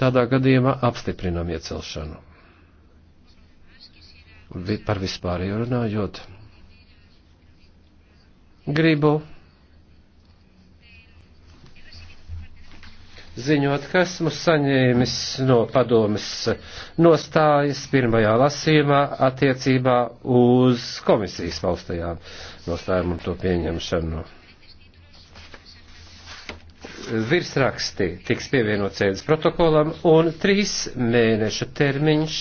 Tādā gadījumā apstiprinām iecelšanu. Vi, par vispārējo runājot. Gribu ziņot, ka esmu saņēmis no padomes nostājas pirmajā lasījumā attiecībā uz komisijas paustajām nostājām un to pieņemšanu virsraksti tiks pievienot sēdes protokolam un trīs mēneša termiņš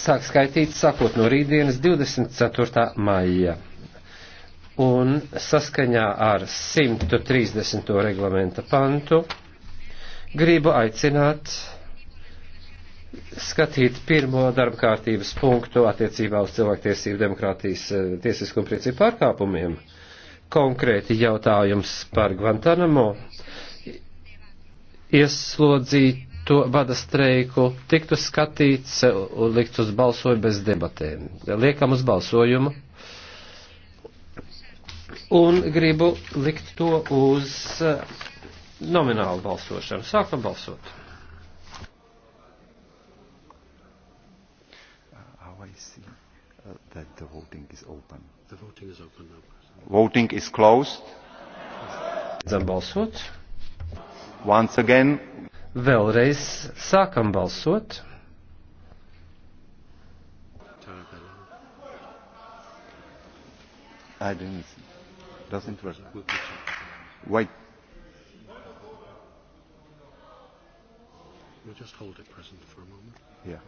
sāk skaitīt sākot no rītdienas 24. maija. Un saskaņā ar 130. reglamenta pantu gribu aicināt skatīt pirmo darba kārtības punktu attiecībā uz cilvēktiesību demokrātijas eh, tiesiskuma principu pārkāpumiem konkrēti jautājums par Guantanamo ieslodzīto vada streiku tiktu skatīts un likt uz balsojumu bez debatēm. Liekam uz balsojumu. Un gribu likt to uz eh, nominālu balsošanu. Sākam balsot. How ah, I see uh, that the voting is open. The voting is open now. Voting is closed. Beidzam balsot. Once again. Vēlreiz sākam balsot. I didn't. Doesn't work. Wait. We'll just hold it present for a moment. Yeah.